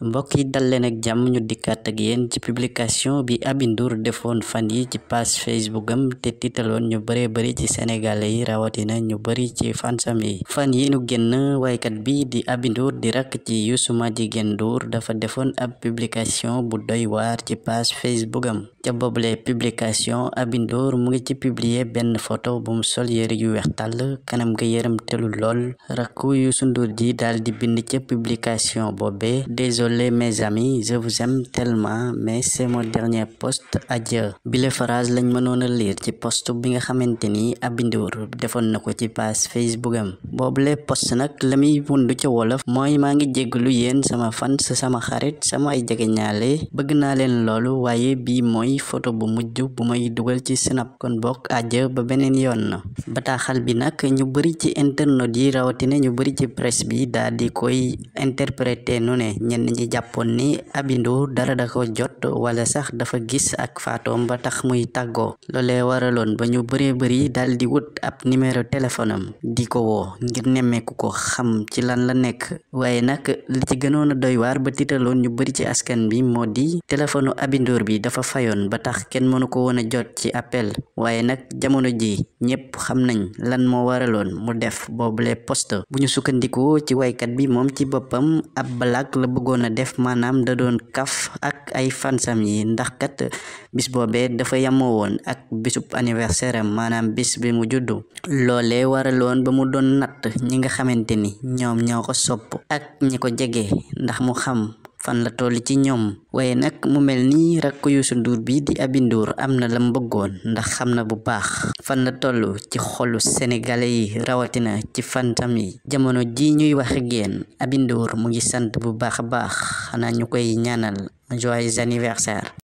mbokk yi dal leen ak jàmm ñu dikkaat ak yéen ci publication bi Aby defoon fan yi ci page Facebook am te tiitaloon ñu bëree bëri ci sénégalais yi rawatina ñu bëri ci fansam yi fan yi ñu génn waykat bi di Aby di rakk ci Youssou Madjiguène Ndour dafa defoon ab publication bu doy waar ci page Facebook am ca boobule publication abindoor mu ngi ci publier benn photo bu mu sol yëre yu weex tàll kanam nga yërëm telu lool rakku Youssou Ndour ji daal di bind ca publication boobe désolé mes amis je vous aime tellement mais c'est mon dernier poste adieu bile phrase lañ mënoon a lire ci post bi nga xamante ni abindoor defoon na ko ci page facebook am boobule post nag la muy wund ca wolof mooy maa ngi jéggalu yéen sama fans sama xarit sama ay jegeñaale bëgg naa leen loolu waaye bii mooy mooy photo bu mujj bu may dugal ci snap kon bokk àjj ba beneen yoon na bataaxal bi nag ñu bëri ci internet yi rawatina ñu bëri ci presse bi daal di koy interpréter nu ne ñenn ñi jàppoon ni Aby Ndour dara da ko jot wala sax dafa gis ak faatoom ba tax muy tàggoo loolee waraloon ba ñu bëree bëri daal di wut ab numéro téléphone di ko woo ngir nemmeeku ko xam ci lan la nekk waaye nag ci gënoon a doy waar ba tiitaloon ñu bëri ci askan bi moo di téléphone bi dafa fayoon yoon ba tax kenn mënu ko woon a jot ci appel waaye nag jamono ji ñépp xam nañ lan moo waraloon mu def boobule poste bu ñu sukkandikoo ci waykat bi moom ci boppam ab balaak la bëggoon a def maanaam da doon kaf ak ay fansam yi ndax kat bis boobee dafa yamoo woon ak bisub anniversaire maanaam bis bi mu juddu loolee waraloon ba mu doon natt ñi nga xamante ni ñoom ñoo ko sopp ak ñi ko jege ndax mu xam fan la toll ci ñoom waaye nag mu mel nii rakk Youssou Ndour bi di Aby Ndour am na lam bëggoon ndax xam na bu baax fan la toll ci xolu sénégalais yi rawatina ci fantam yi jamono ji ñuy wax ak yéen Aby mu ngi sant bu baax a baax xanaa ñu koy ñaanal joyeux anniversaire